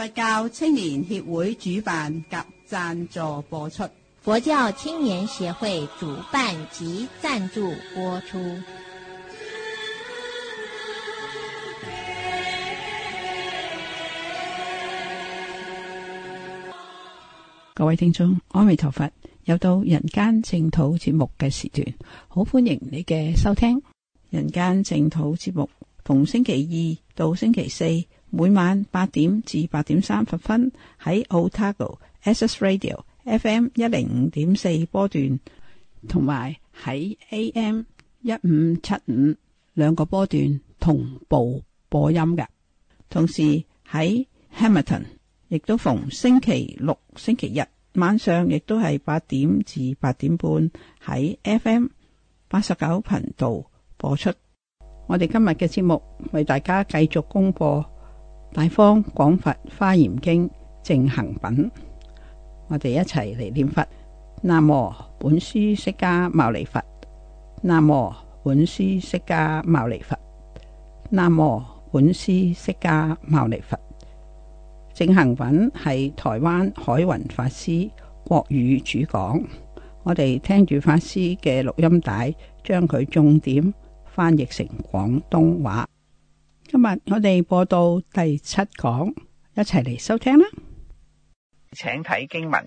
佛教青年協會主辦及贊助播出。佛教青年協會主辦及贊助播出。各位聽眾，阿彌陀佛，又到人間淨土節目嘅時段，好歡迎你嘅收聽。人間淨土節目逢星期二到星期四。每晚八點至八點三十分喺 Otago Access Radio FM 一零五點四波段，同埋喺 AM 一五七五兩個波段同步播音嘅。同時喺 Hamilton，亦都逢星期六、星期日晚上8 8，亦都係八點至八點半喺 FM 八十九頻道播出。我哋今日嘅節目為大家繼續公布。大方廣佛華嚴經正行品，我哋一齊嚟念佛。南無本師釋迦牟尼佛。南無本師釋迦牟尼佛。南無本師釋迦牟尼佛。正行品係台灣海雲法師國語主講，我哋聽住法師嘅錄音帶，將佢重點翻譯成廣東話。今日我哋播到第七講，一齊嚟收聽啦。請睇經文，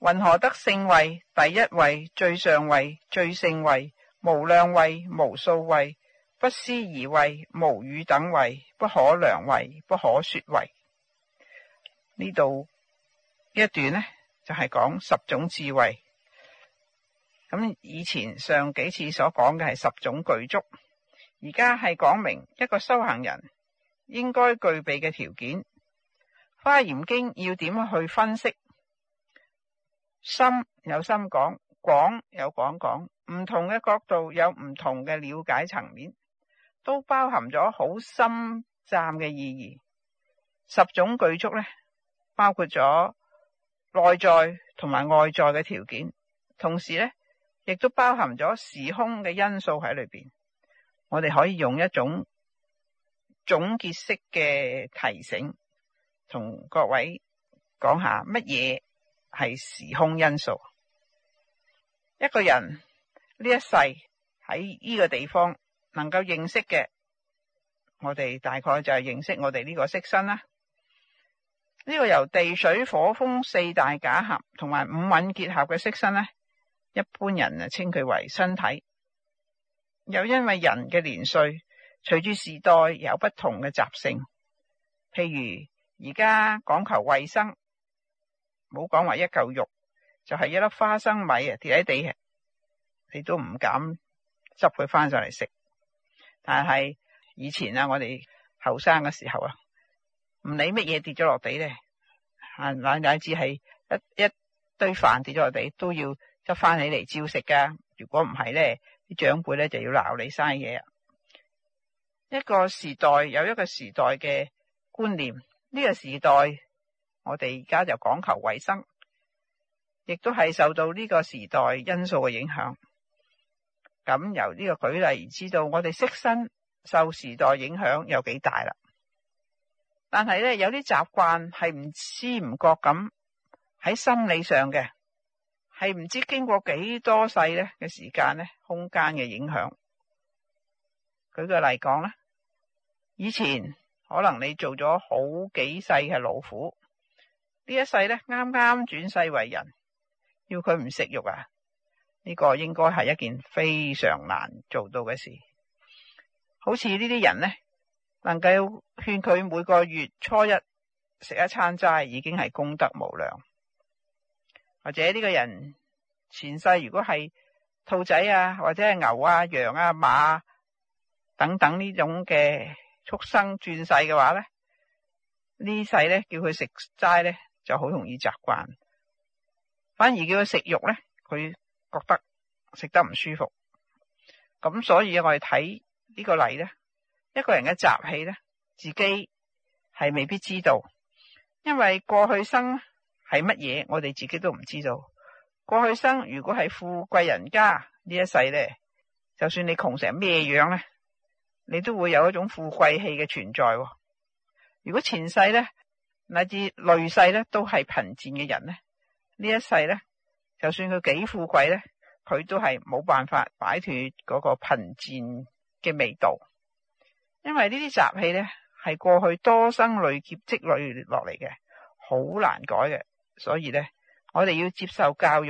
云何得勝位？第一位最上位，最勝位，無量位，無數位，不思而位，無與等位，不可量位，不可說位。呢度一段呢，就係、是、講十種智慧。咁以前上幾次所講嘅係十種具足。而家係講明一個修行人應該具備嘅條件，《華嚴經》要點去分析？深有深講，廣有廣講，唔同嘅角度有唔同嘅了解層面，都包含咗好深湛嘅意義。十種具足呢包括咗內在同埋外在嘅條件，同時呢亦都包含咗時空嘅因素喺裏邊。我哋可以用一種總結式嘅提醒，同各位講下乜嘢係時空因素。一個人呢一世喺呢個地方能夠認識嘅，我哋大概就係認識我哋呢個色身啦。呢個由地水火風四大假合同埋五蘊結合嘅色身咧，一般人啊稱佢為身體。又因為人嘅年歲隨住時代有不同嘅習性，譬如而家講求衛生，冇講話一嚿肉就係一粒花生米啊跌喺地嘅，你都唔敢執佢翻上嚟食。但係以前啊，我哋後生嘅時候啊，唔理乜嘢跌咗落地咧，啊乃至係一一堆飯跌咗落地都要執翻起嚟照食噶。如果唔係咧。長輩咧就要鬧你嘥嘢！一個時代有一個時代嘅觀念，呢個時代我哋而家就講求衛生，亦都係受到呢個時代因素嘅影響。咁由呢個舉例而知道，我哋識身受時代影響有幾大啦。但係咧，有啲習慣係唔知唔覺咁喺心理上嘅。係唔知經過幾多世呢嘅時間呢，空間嘅影響。舉個例講啦，以前可能你做咗好幾世嘅老虎，呢一世呢啱啱轉世為人，要佢唔食肉啊？呢、呢個應該係一件非常難做到嘅事。好似呢啲人呢，能夠勸佢每個月初一食一餐齋，已經係功德無量。或者呢個人前世如果係兔仔啊，或者係牛啊、羊啊、馬啊等等呢種嘅畜生轉世嘅話咧，呢世咧叫佢食齋咧就好容易習慣，反而叫佢食肉咧，佢覺得食得唔舒服。咁所以我哋睇呢個例咧，一個人嘅習氣咧，自己係未必知道，因為過去生。係乜嘢？我哋自己都唔知道。過去生如果係富貴人家，呢一世呢，就算你窮成咩樣咧，你都會有一種富貴氣嘅存在。如果前世呢，乃至累世呢都係貧賤嘅人呢，呢一世呢，就算佢幾富貴呢，佢都係冇辦法擺脫嗰個貧賤嘅味道。因為呢啲雜氣呢，係過去多生累劫積累落嚟嘅，好難改嘅。所以咧，我哋要接受教育，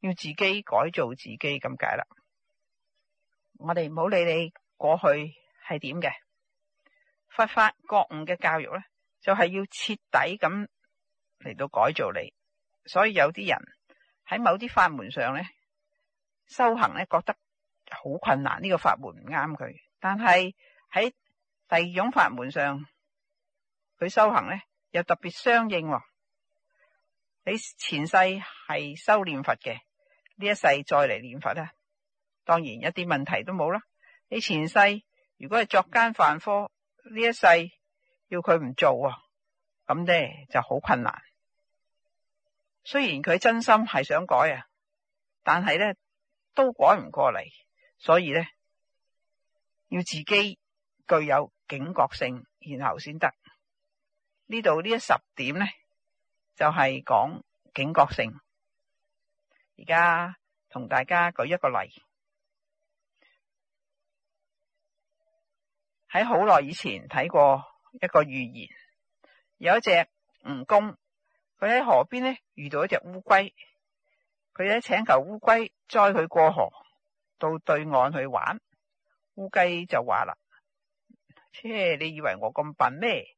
要自己改造自己咁解啦。我哋唔好理你過去係點嘅，佛法覺悟嘅教育咧，就係要徹底咁嚟到改造你。所以有啲人喺某啲法門上咧，修行咧覺得好困難，呢個法門唔啱佢。但係喺第二種法門上，佢修行咧又特別相應。你前世係修煉佛嘅，呢一世再嚟念佛咧，當然一啲問題都冇啦。你前世如果係作奸犯科，呢一世要佢唔做啊，咁呢就好困難。雖然佢真心係想改啊，但係呢都改唔過嚟，所以呢，要自己具有警覺性，然後先得。呢度呢一十點呢。就係、是、講警覺性。而家同大家舉一個例，喺好耐以前睇過一個寓言，有一隻蜈蚣，佢喺河邊呢遇到一隻烏龜，佢咧請求烏龜載佢過河到對岸去玩。烏龜就話啦：切，你以為我咁笨咩？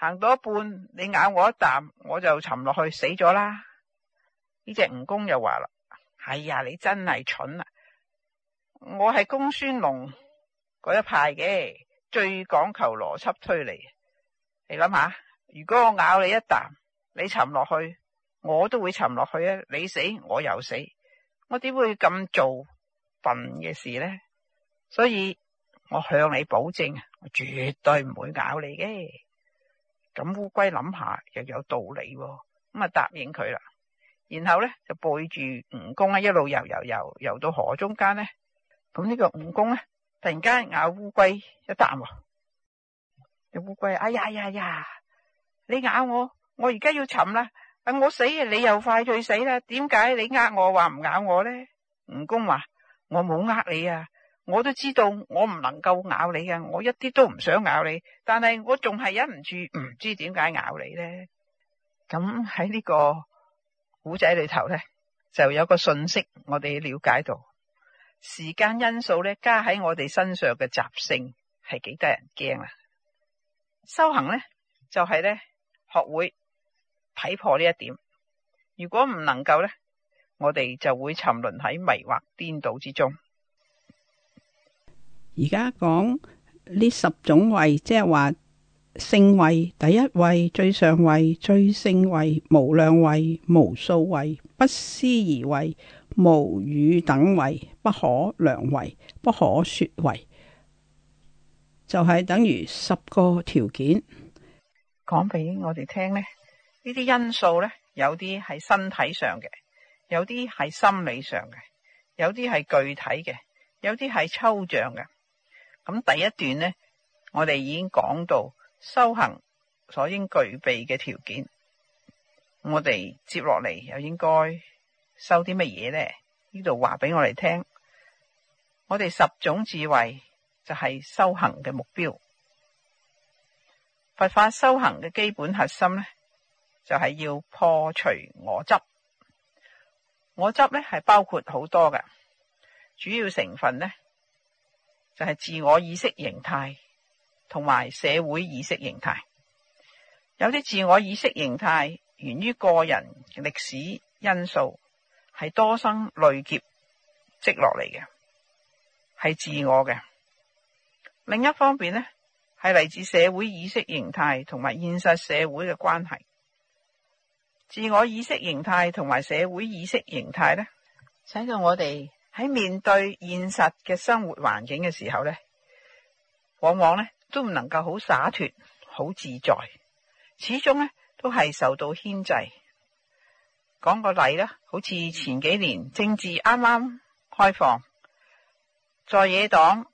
行到一半，你咬我一啖，我就沉落去死咗啦。呢隻蜈蚣又話啦：係、哎、呀，你真係蠢啊！我係公孫龍嗰一派嘅，最講求邏輯推理。你諗下，如果我咬你一啖，你沉落去，我都會沉落去啊。你死我又死，我點會咁做笨嘅事呢？所以我向你保證啊，我絕對唔會咬你嘅。咁烏龜諗下又有道理喎、哦，咁啊答應佢啦，然後咧就背住蜈蚣啊一路游游游游到河中間咧，咁呢個蜈蚣咧突然間咬烏龜一啖，隻烏龜哎呀呀呀，你咬我，我而家要沉啦，啊我死啊，你又快脆死啦，點解你呃我話唔咬我咧？蜈蚣話我冇呃你啊。我都知道我唔能夠咬你嘅，我一啲都唔想咬你，但係我仲係忍唔住，唔知點解咬你呢。咁喺呢個古仔裏頭呢，就有個信息，我哋了解到時間因素呢加喺我哋身上嘅習性係幾得人驚啊！修行呢，就係呢——學會睇破呢一點。如果唔能夠呢，我哋就會沉淪喺迷惑顛倒之中。而家講呢十種位，即係話性位、第一位、最上位、最性位、無量位、無數位、不思而為、無語等位、不可量位、不可說位，就係等於十個條件。講俾我哋聽呢，呢啲因素呢，有啲係身體上嘅，有啲係心理上嘅，有啲係具體嘅，有啲係抽象嘅。咁第一段呢，我哋已經講到修行所應具備嘅條件。我哋接落嚟又應該修啲乜嘢呢？呢度話俾我哋聽，我哋十種智慧就係修行嘅目標。佛法修行嘅基本核心呢，就係要破除我執。我執呢係包括好多嘅，主要成分呢。就係、是、自我意識形態同埋社會意識形態，有啲自我意識形態源於個人歷史因素，係多生累劫積落嚟嘅，係自我嘅。另一方面呢係嚟自社會意識形態同埋現實社會嘅關係。自我意識形態同埋社會意識形態呢，使到我哋。喺面對現實嘅生活環境嘅時候，呢往往呢都唔能夠好灑脫、好自在，始終呢都係受到牽制。講個例啦，好似前幾年政治啱啱開放，在野黨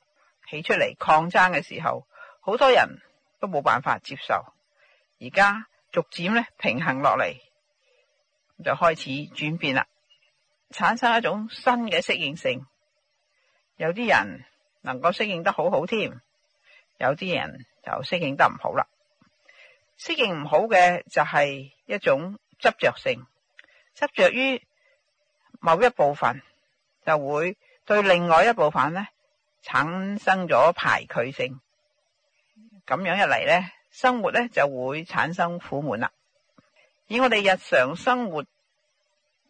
起出嚟抗爭嘅時候，好多人都冇辦法接受。而家逐漸呢平衡落嚟，就開始轉變啦。產生一種新嘅適應性，有啲人能夠適應得好好添，有啲人就適應得唔好啦。適應唔好嘅就係一種執着性，執着於某一部分，就會對另外一部分呢產生咗排拒性。咁樣一嚟呢，生活呢就會產生苦悶啦。以我哋日常生活。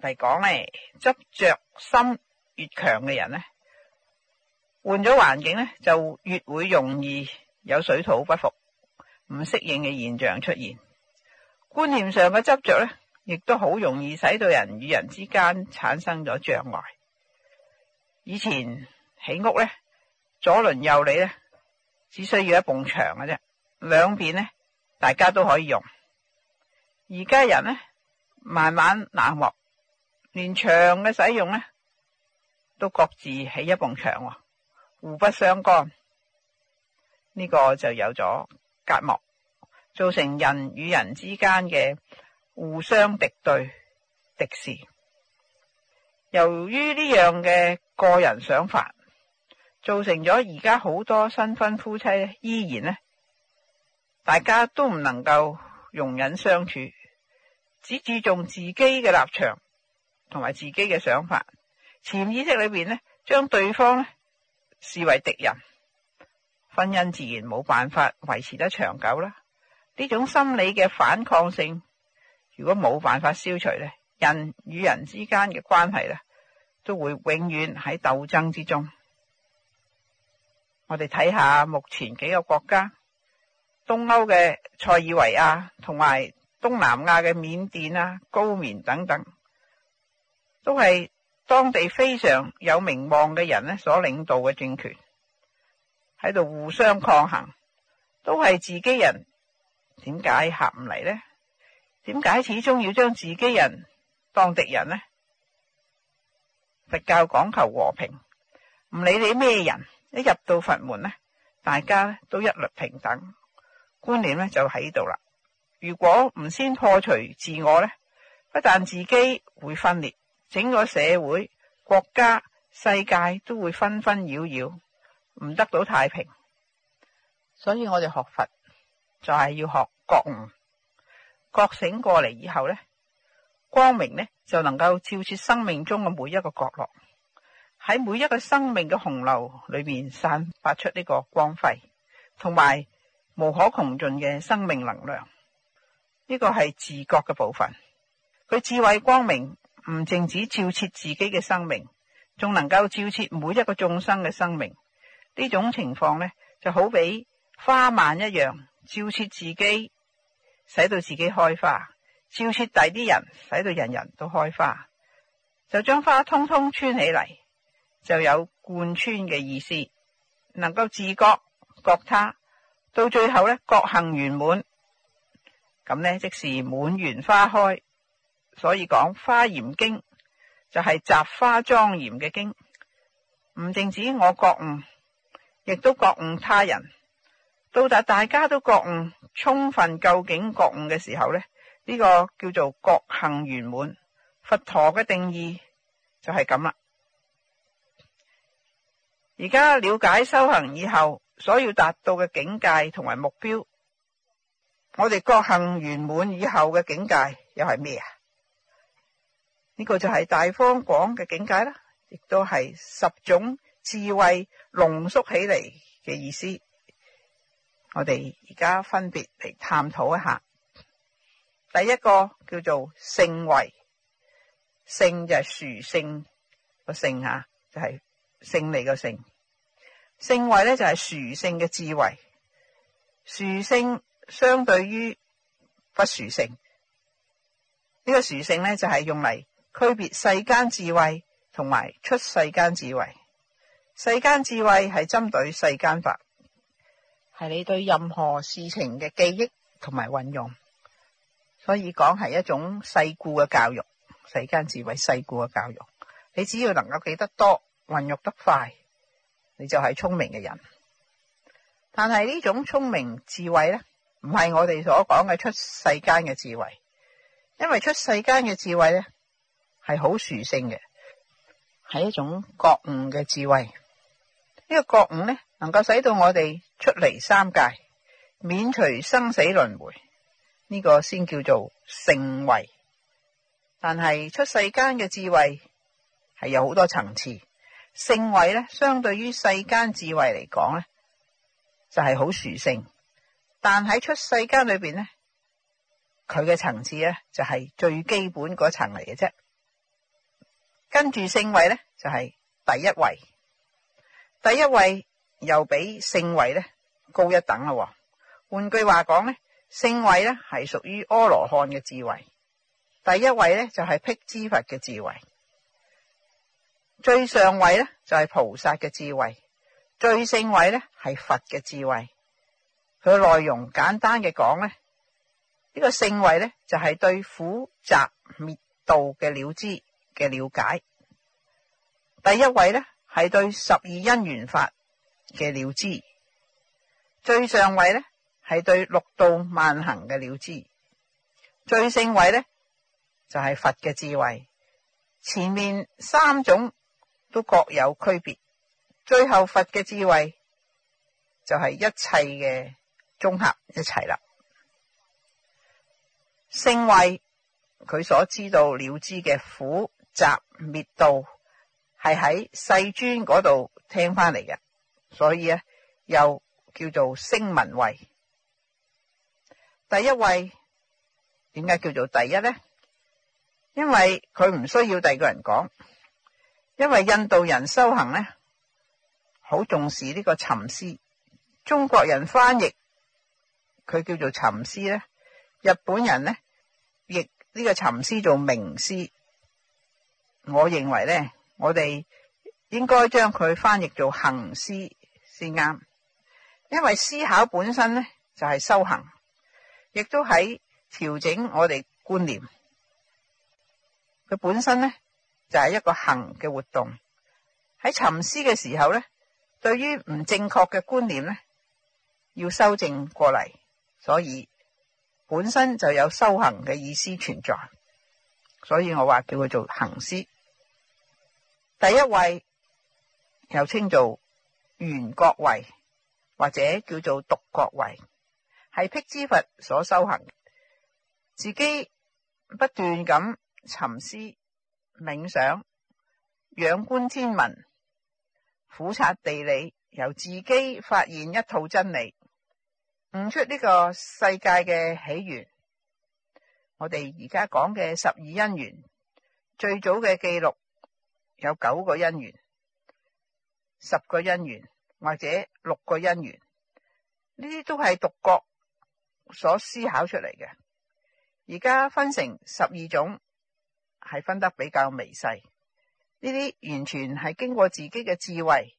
嚟講咧，執着心越強嘅人呢，換咗環境呢，就越會容易有水土不服、唔適應嘅現象出現。觀念上嘅執着呢亦都好容易使到人與人之間產生咗障礙。以前起屋呢，左鄰右里呢，只需要一埲牆嘅啫，兩邊呢大家都可以用。而家人呢，慢慢冷漠。連牆嘅使用呢都各自起一埲牆，互不相干。呢個就有咗隔膜，造成人與人之間嘅互相敵對敵視。由於呢樣嘅個人想法，造成咗而家好多新婚夫妻依然呢大家都唔能夠容忍相處，只注重自己嘅立場。同埋自己嘅想法，潛意識裏邊呢，將對方呢視為敵人，婚姻自然冇辦法維持得長久啦。呢種心理嘅反抗性，如果冇辦法消除呢，人與人之間嘅關係呢，都會永遠喺鬥爭之中。我哋睇下目前幾個國家，東歐嘅塞爾維亞同埋東南亞嘅緬甸啊、高棉等等。都係當地非常有名望嘅人呢，所領導嘅政權喺度互相抗衡，都係自己人。點解合唔嚟呢？點解始終要將自己人當敵人呢？佛教講求和平，唔理你咩人，一入到佛門呢，大家都一律平等，觀念呢就喺度啦。如果唔先破除自我呢，不但自己會分裂。整個社會、國家、世界都會紛紛擾擾，唔得到太平。所以我哋學佛就係、是、要學覺悟，覺醒過嚟以後呢光明呢，就能夠照徹生命中嘅每一個角落，喺每一個生命嘅洪流裏面散發出呢個光輝，同埋無可窮盡嘅生命能量。呢、這個係自覺嘅部分，佢智慧光明。唔淨止照徹自己嘅生命，仲能夠照徹每一個眾生嘅生命。呢種情況咧，就好比花鬘一樣，照徹自己，使到自己開花；照徹第啲人，使到人人都開花，就將花通通穿起嚟，就有貫穿嘅意思。能夠自覺覺他，到最後咧，覺行圓滿，咁咧即是滿園花開。所以講花嚴經就係摘花莊嚴嘅經，唔淨止我覺悟，亦都覺悟他人。到達大家都覺悟，充分究竟覺悟嘅時候咧，呢個叫做覺行圓滿。佛陀嘅定義就係咁啦。而家了解修行以後所要達到嘅境界同埋目標，我哋覺行圓滿以後嘅境界又係咩啊？.呢、這個就係大方廣嘅境界啦，亦都係十種智慧濃縮起嚟嘅意思。我哋而家分別嚟探討一下。第一個叫做勝慧，勝就係殊勝個勝吓，就係勝利個勝。勝慧咧就係殊勝嘅智慧，殊勝相對於不殊勝。呢、這個殊勝咧就係用嚟。區別世間智慧同埋出世間智慧。世間智慧係針對世間法，係你對任何事情嘅記憶同埋運用，所以講係一種世故嘅教育。世間智慧，世故嘅教育，你只要能夠記得多、運用得快，你就係聰明嘅人。但係呢種聰明智慧呢，唔係我哋所講嘅出世間嘅智慧，因為出世間嘅智慧呢，係好殊勝嘅，係一種覺悟嘅智慧。呢、這個覺悟咧，能夠使到我哋出離三界，免除生死輪迴。呢、這個先叫做聖慧。但係出世間嘅智慧係有好多層次，聖慧呢，相對於世間智慧嚟講呢就係好殊勝。但喺出世間裏邊呢，佢嘅層次呢，就係、是、最基本嗰層嚟嘅啫。跟住聖位呢，就係第一位，第一位又比聖位呢高一等啦。換句話講呢，聖位呢係屬於阿羅漢嘅智慧，第一位呢，就係辟支佛嘅智慧，最上位呢，就係菩薩嘅智慧，最聖位呢，係佛嘅智慧。佢內容簡單嘅講呢，呢個聖位呢，就係對苦集滅道嘅了知。嘅了解，第一位呢，係對十二因緣法嘅了知，最上位呢，係對六道萬行嘅了知，最勝位呢，就係、是、佛嘅智慧。前面三種都各有區別，最後佛嘅智慧就係一切嘅綜合一齊啦。聖位佢所知道了知嘅苦。集滅道係喺世尊嗰度聽翻嚟嘅，所以咧又叫做聲聞位。第一位點解叫做第一咧？因為佢唔需要第二個人講，因為印度人修行咧，好重視呢個沉思。中國人翻譯佢叫做沉思咧，日本人呢譯呢個沉思做冥思。我認為呢，我哋應該將佢翻譯做行思先啱，因為思考本身呢，就係、是、修行，亦都喺調整我哋觀念。佢本身呢，就係、是、一個行嘅活動，喺沉思嘅時候呢，對於唔正確嘅觀念呢，要修正過嚟，所以本身就有修行嘅意思存在，所以我話叫佢做行思。第一位又稱做緣覺位，或者叫做獨覺位，係辟支佛所修行，自己不斷咁沉思冥想，仰觀天文，俯察地理，由自己發現一套真理，悟出呢個世界嘅起源。我哋而家講嘅十二因緣，最早嘅記錄。有九個因緣、十個因緣或者六個因緣，呢啲都係獨覺所思考出嚟嘅。而家分成十二種，係分得比較微細。呢啲完全係經過自己嘅智慧，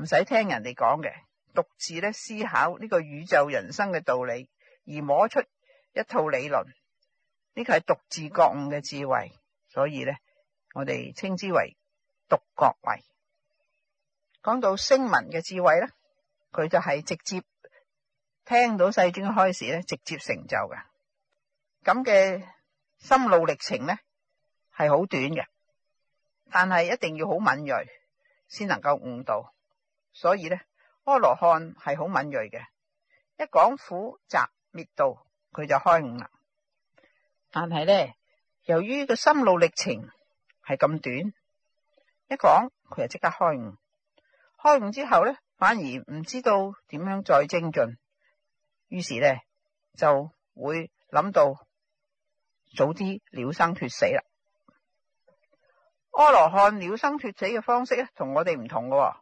唔使聽人哋講嘅，獨自咧思考呢個宇宙人生嘅道理，而摸出一套理論。呢個係獨自覺悟嘅智慧，所以咧。我哋稱之為獨覺慧。講到聲聞嘅智慧咧，佢就係直接聽到世尊開示，咧，直接成就嘅。咁嘅心路歷程呢係好短嘅，但係一定要好敏銳先能夠悟道。所以呢，阿羅漢係好敏銳嘅，一講苦集滅道，佢就開悟啦。但係呢，由於個心路歷程，係咁短，一講佢就即刻開悟，開悟之後咧，反而唔知道點樣再精進，於是咧就會諗到早啲了生脫死啦。阿羅漢了生脫死嘅方式咧，同我哋唔同嘅，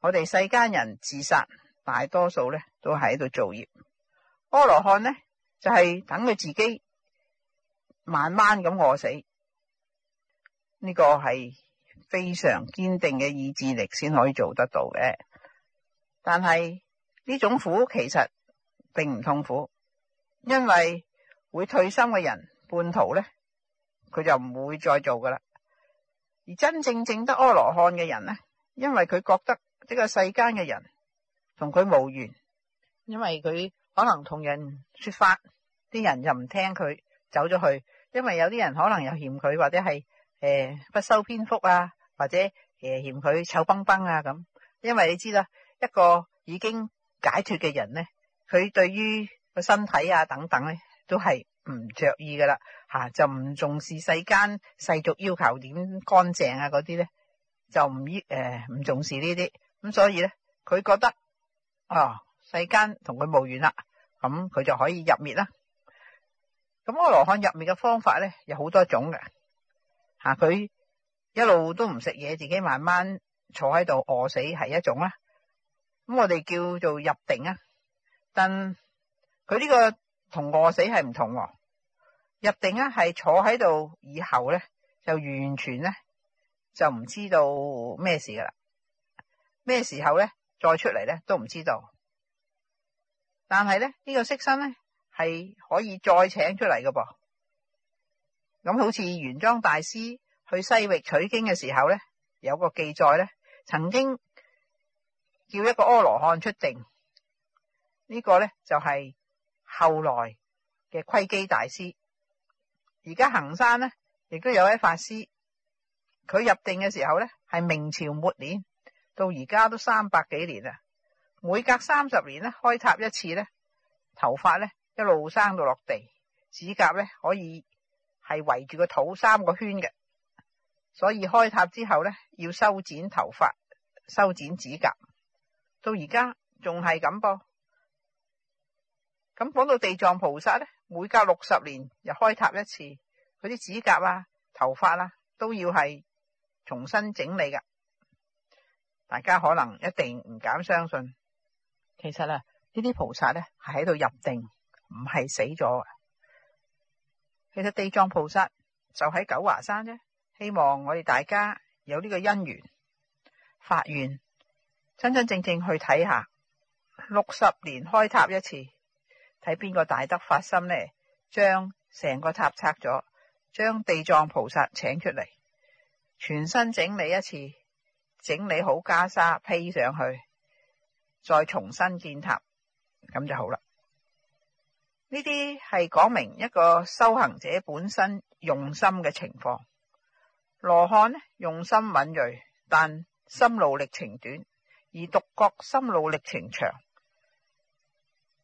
我哋世間人自殺，大多數咧都喺度造業，阿羅漢呢，就係等佢自己慢慢咁餓死。呢、這個係非常堅定嘅意志力先可以做得到嘅。但係呢種苦其實並唔痛苦，因為會退心嘅人半途咧，佢就唔會再做㗎喇。而真正證得阿羅漢嘅人呢，因為佢覺得呢個世間嘅人同佢無緣，因為佢可能同人說法，啲人又唔聽佢，走咗去。因為有啲人可能又嫌佢或者係。誒、欸，不修邊幅啊，或者誒、欸、嫌佢臭崩崩啊咁，因為你知啦，一個已經解脫嘅人咧，佢對於個身體啊等等咧，都係唔着意噶啦吓，就唔重視世間世俗要求點乾淨啊嗰啲咧，就唔誒唔重視呢啲，咁所以咧，佢覺得啊、哦，世間同佢冇緣啦，咁佢就可以入滅啦。咁阿羅漢入滅嘅方法咧，有好多種嘅。吓、啊、佢一路都唔食嘢，自己慢慢坐喺度餓死係一種啦。咁我哋叫做入定啊。但佢呢個同餓死係唔同。入定啊，係坐喺度以後咧，就完全咧就唔知道咩事噶啦。咩時候咧再出嚟咧都唔知道。但係咧呢、呢個色身咧係可以再請出嚟噶噃。咁好似玄奘大師去西域取經嘅時候咧，有個記載咧，曾經叫一個阿羅漢出定。這個、呢個咧就係、是、後來嘅窺基大師。而家恆山咧，亦都有位法師，佢入定嘅時候咧，係明朝末年，到而家都三百幾年啦。每隔三十年咧，開塔一次咧，頭髮咧一路生到落地，指甲咧可以。係圍住個肚三個圈嘅，所以開塔之後呢，要修剪頭髮、修剪指甲。到而家仲係咁噃。咁講到地藏菩薩呢，每隔六十年又開塔一次，佢啲指甲啊、頭髮啦、啊，都要係重新整理㗎。大家可能一定唔敢相信，其實呢啲菩薩呢係喺度入定，唔係死咗。其實地藏菩薩就喺九華山啫，希望我哋大家有呢個因緣發願，真真正正去睇下六十年開塔一次，睇邊個大德發心呢？將成個塔拆咗，將地藏菩薩請出嚟，全身整理一次，整理好袈裟披上去，再重新建塔，咁就好啦。呢啲係講明一個修行者本身用心嘅情況。羅漢用心敏銳，但心路歷程短；而獨覺心路歷程長，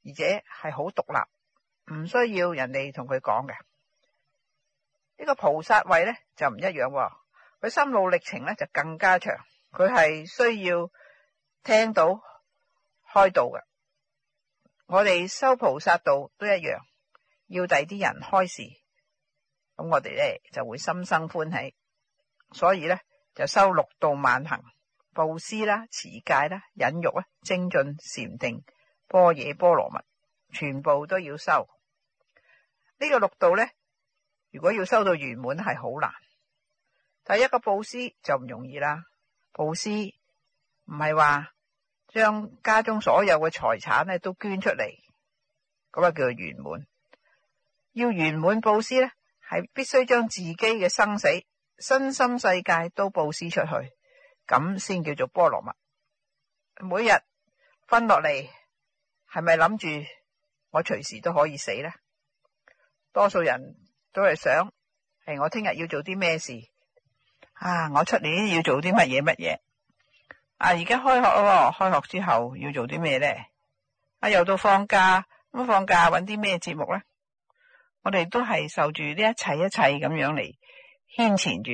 而且係好獨立，唔需要人哋同佢講嘅。呢個菩薩位呢就唔一樣，佢心路歷程呢就更加長，佢係需要聽到開導嘅。我哋修菩薩道都一樣，要第啲人開示，咁我哋咧，就會心生歡喜，所以咧，就修六度萬行，布施啦、持戒啦、忍辱啊、精進、禪定、般若、波羅蜜，全部都要修。呢個六度咧，如果要修到圓滿係好難，第一個布施就唔容易啦，布施唔係話。.將家中所有嘅財產咧都捐出嚟，咁啊叫做圓滿。要圓滿布施咧，係必須將自己嘅生死、身心世界都布施出去，咁先叫做波羅蜜。每日分落嚟，係咪諗住我隨時都可以死咧？多數人都係想，係、哎、我聽日要做啲咩事啊！我出年要做啲乜嘢乜嘢？啊！而家開學咯，開學之後要做啲咩咧？啊，又到放假咁、啊，放假搵啲咩節目咧？我哋都係受住呢一切一切咁樣嚟牽纏住，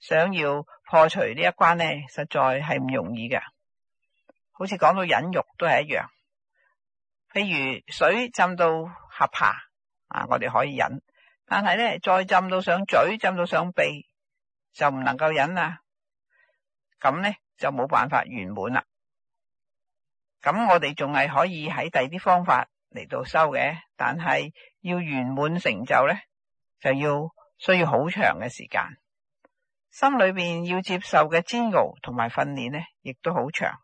想要破除呢一關咧，實在係唔容易噶。好似講到忍辱都係一樣，譬如水浸到下巴啊，我哋可以忍，但係咧再浸到上嘴，浸到上鼻，就唔能夠忍啦。咁咧？就冇辦法圓滿啦。咁我哋仲係可以喺第二啲方法嚟到修嘅，但係要圓滿成就呢，就要需要好長嘅時間。心裏面要接受嘅煎熬同埋訓練呢，亦都好長。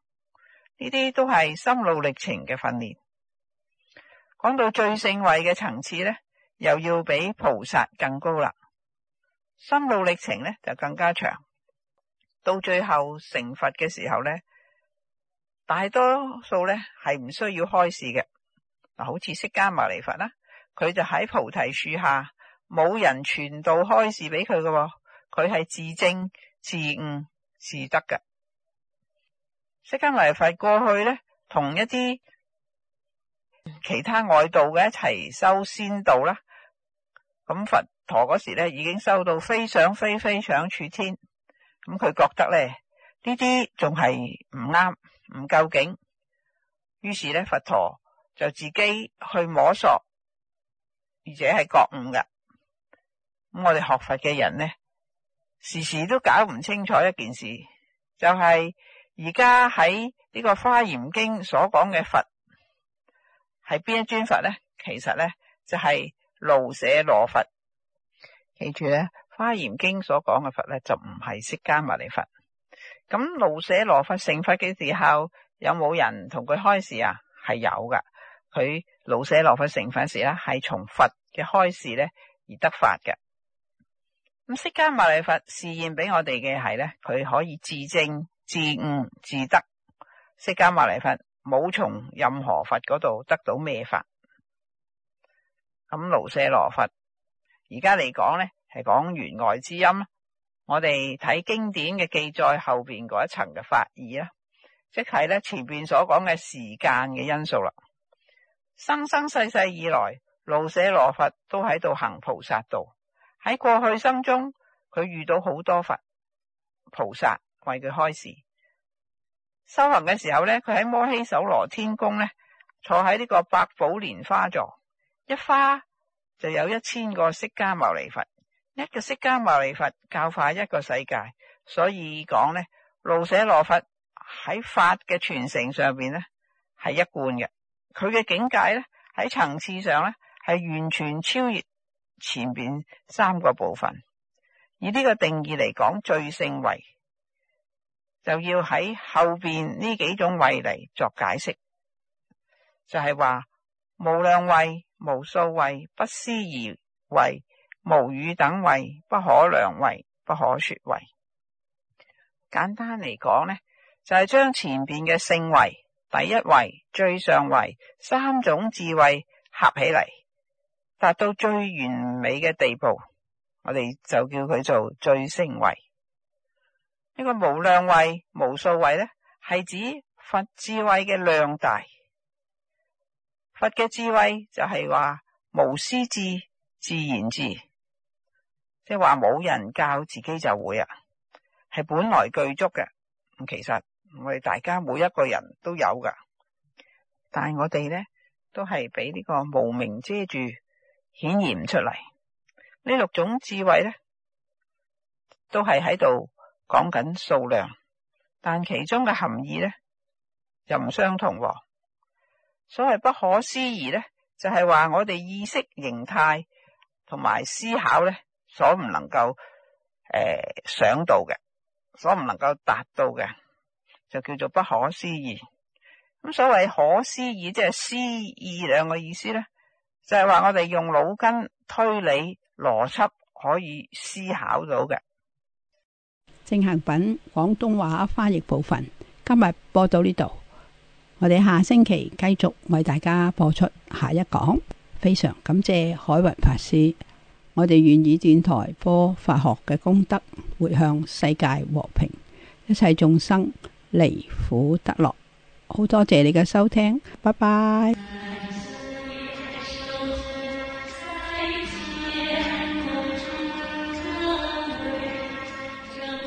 呢啲都係心路歷程嘅訓練。講到最勝位嘅層次呢，又要比菩薩更高啦。心路歷程呢，就更加長。到最後成佛嘅時候咧，大多數咧係唔需要開示嘅。嗱，好似釋迦牟尼佛啦，佢就喺菩提樹下，冇人傳道開示俾佢嘅，佢係自證自悟自得嘅。釋迦牟尼佛過去咧，同一啲其他外道嘅一齊修仙道啦。咁佛陀嗰時咧，已經修到非想非非想處天。咁佢覺得咧，呢啲仲係唔啱，唔究竟，於是咧，佛陀就自己去摸索，而且係覺悟噶。咁我哋學佛嘅人咧，時時都搞唔清楚一件事，就係而家喺呢個《花嚴經》所講嘅佛係邊一尊佛咧？其實咧就係、是、盧舍羅佛，記住咧。《華嚴經》所講嘅佛咧，就唔係釋迦牟尼佛。咁盧舍羅佛成佛嘅時候，有冇人同佢開示啊？係有㗎。佢盧舍羅佛成佛時咧，係從佛嘅開示咧而得法嘅。咁釋迦牟尼佛示現俾我哋嘅係咧，佢可以自正、自悟、自得。釋迦牟尼佛冇從任何佛嗰度得到咩法。咁盧舍羅佛而家嚟講咧。係講弦外之音，我哋睇經典嘅記載後邊嗰一層嘅法義啊，即係咧前邊所講嘅時間嘅因素啦。生生世世以來，盧舍羅佛都喺度行菩薩道。喺過去生中，佢遇到好多佛菩薩為佢開示。修行嘅時候呢，佢喺摩醯首羅天宮呢，坐喺呢個百寶蓮花座，一花就有一千個釋迦牟尼佛。一個釋迦牟尼佛教化一個世界，所以講咧，盧舍羅佛喺法嘅傳承上邊咧係一貫嘅，佢嘅境界咧喺層次上咧係完全超越前邊三個部分。以呢個定義嚟講，最勝慧就要喺後邊呢幾種慧嚟，作解釋，就係、是、話無量慧、無數慧、不思而慧。無語等位，不可量位，不可說位。簡單嚟講呢，就係、是、將前邊嘅聖位、第一位、最上位三種智慧合起嚟，達到最完美嘅地步，我哋就叫佢做最聖位。呢、這個無量位、無數位呢，係指佛智慧嘅量大。佛嘅智慧就係話無師智、自然智。即係話冇人教自己就會啊，係本來具足嘅。咁其實我哋大家每一個人都有噶，但係我哋咧都係俾呢個無名遮住顯，顯現唔出嚟。呢六種智慧咧都係喺度講緊數量，但其中嘅含義咧又唔相同、啊，所謂不可思議咧就係、是、話我哋意識形態同埋思考咧。所唔能夠誒、呃、想到嘅，所唔能夠達到嘅，就叫做不可思議。咁所謂可思議，即係思議兩個意思呢就係話我哋用腦筋推理邏輯可以思考到嘅。正行品廣東話翻譯部分，今日播到呢度，我哋下星期繼續為大家播出下一講。非常感謝海雲法師。我哋願意電台播佛學嘅功德，回向世界和平，一切眾生離苦得樂。好多謝你嘅收聽，拜拜。